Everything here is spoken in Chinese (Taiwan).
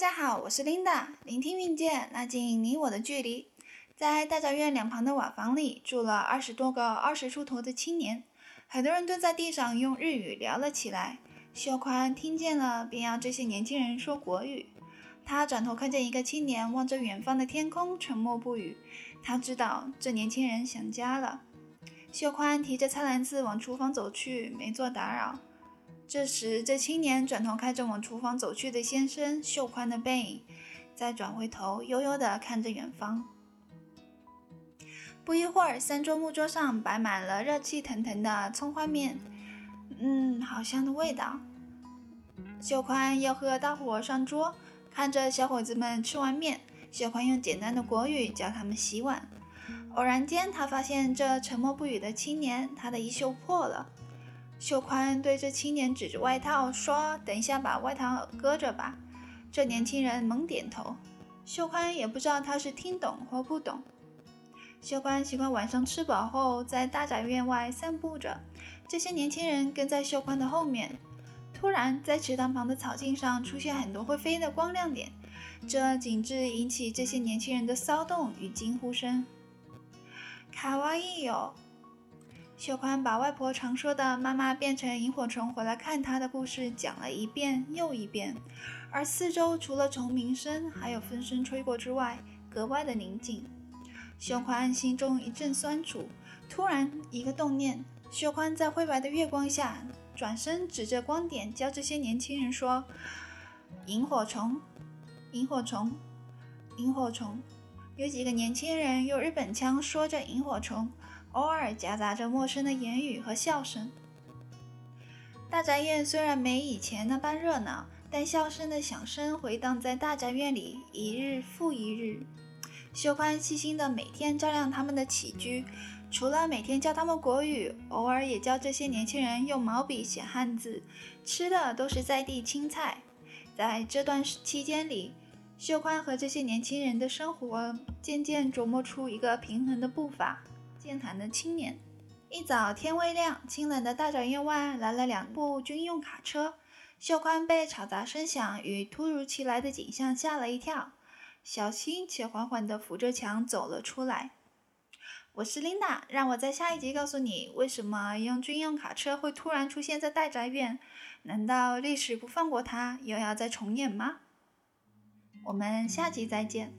大家好，我是 Linda，聆聽遇見，拉近你我的距離。在大宅院兩旁的瓦房裡，住了二十多個二十出頭的青年，很多人蹲在地上用日語聊了起來。秀寬聽見了，便要這些年輕人說國語。他轉頭看見一個青年望着遠方的天空，沉默不語。他知道這年輕人想家了。秀寬提着菜籃子往廚房走去，沒做打擾。這時，這青年轉頭看着往廚房走去的先生秀寬的背影，再轉回頭，悠悠地看着遠方。不一會兒，三桌木桌上擺滿了熱氣騰騰的蔥花麵，嗯，好香的味道。秀寬吆喝大夥上桌，看着小伙子們吃完麵，秀寬用簡單的國語教他們洗碗。偶然間，他發現這沉默不語的青年，他的衣袖破了。秀寬對著青年指着外套說：“等一下，把外套擱着吧。”這年輕人猛點頭。秀寬也不知道他是聽懂或不懂。秀寬喜歡晚上吃飽後在大宅院外散步着，這些年輕人跟在秀寬的後面。突然，在池塘旁的草莖上出現很多會飛的光亮點，這景致引起這些年輕人的騷動與驚呼聲：“卡哇伊喲！”秀寬把外婆常說的“媽媽變成螢火蟲回來看她的故事”講了一遍又一遍，而四周除了蟲鳴聲，還有風聲吹過之外，格外的寧靜。秀寬心中一陣酸楚，突然一個動念，秀寬在灰白的月光下轉身，指着光點，教這些年輕人說：“螢火蟲，螢火蟲，螢火蟲。”有幾個年輕人用日本腔說着“螢火蟲”。偶爾夾雜着陌生的言語和笑聲。大宅院雖然沒以前那般熱鬧，但笑聲的響聲回盪在大宅院裡，一日复一日。秀寬細心的每天照料他們的起居，除了每天教他們國語，偶爾也教這些年輕人用毛筆寫漢字。吃的都是在地青菜。在這段期間裡，秀寬和這些年輕人的生活漸漸琢磨出一個平衡的步伐。健談的青年，一早天未亮，清冷的大宅院外來了兩部軍用卡車。秀寬被嘈雜聲響與突如其來的景象嚇了一跳，小心且緩緩地扶着牆走了出來。我是琳達，讓我在下一集告訴你為什麼用軍用卡車會突然出現在大宅院。難道歷史不放過它，又要再重演嗎？我們下集再見。